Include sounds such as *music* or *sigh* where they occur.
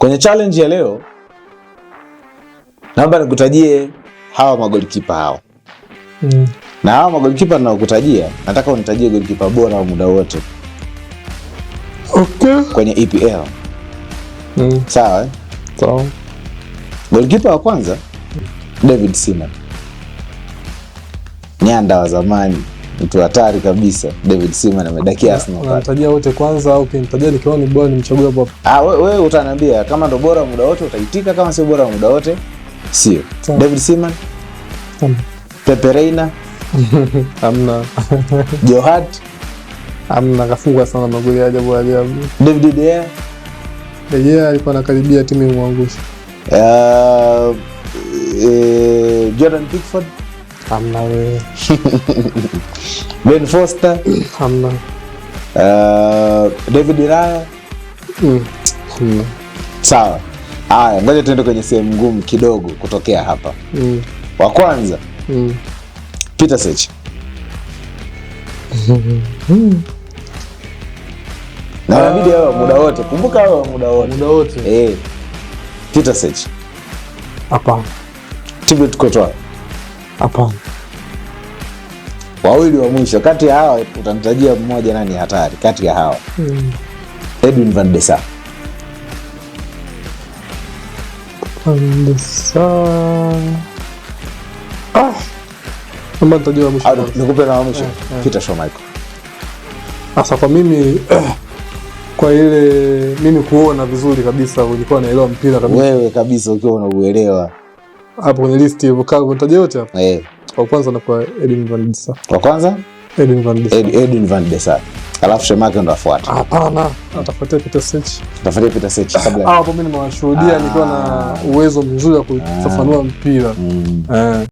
Kwenye challenge ya leo, naomba nikutajie hawa magolikipa hawa mm. na hawa magolikipa naokutajia nataka unitajie golikipa bora wa muda wote okay. kwenye EPL mm. sawa eh? sawa. Golikipa wa kwanza David Simon, nyanda wa zamani mtu hatari kabisa David Seaman amedakia Arsenal. Unamtajia wote kwanza au ukimtajia nikiwa ni bora nimchague hapo? Ah, wewe we, utaniambia kama ndo bora muda wote utaitika, kama sio bora muda wote sio. David Seaman, Pepe Reina *laughs* amna *laughs* Johat amna, kafunga sana magoli ya ajabu ajabu. David De Gea, De Gea alikuwa anakaribia timu imwangusha. Uh, eh, Jordan Pickford Hamna we. *laughs* Ben Foster hamna. Uh, David Raya mm. Hmm. Sawa. Haya, ngoja tuende kwenye sehemu ngumu kidogo kutokea hapa mm. Wa kwanza mm. Peter Sech. *laughs* na inabidi awe muda wote, kumbuka awe muda wote, muda wote eh, Peter Sech. hapa Tibet Courtois Hapana, wawili wa mwisho kati ya hawa utamtajia mmoja, nani hatari kati ya hawa mm. Edwin van der Sar ah! nikupe na mwisho eh, eh. Peter Schmeichel. Sasa kwa mimi *clears throat* kwa ile mimi kuona vizuri kabisa ulikuwa naelewa mpira kabisa. Wewe kabisa ukiwa unauelewa hapo kwenye listi hivyo kama unataja yote hapo. Eh. Wa kwanza anakuwa Edwin Van Disa. Wa kwanza Edwin Van Disa. Ed, Edin Van Disa. Alafu Shamaka ndo afuata. Hapana, atafuatia Peter Sech. Atafuatia Peter Sech ah, kabla. Ah, hapo mimi nimewashuhudia, nilikuwa na ah. uwezo mzuri wa ah. kufafanua mpira. Mm. Eh.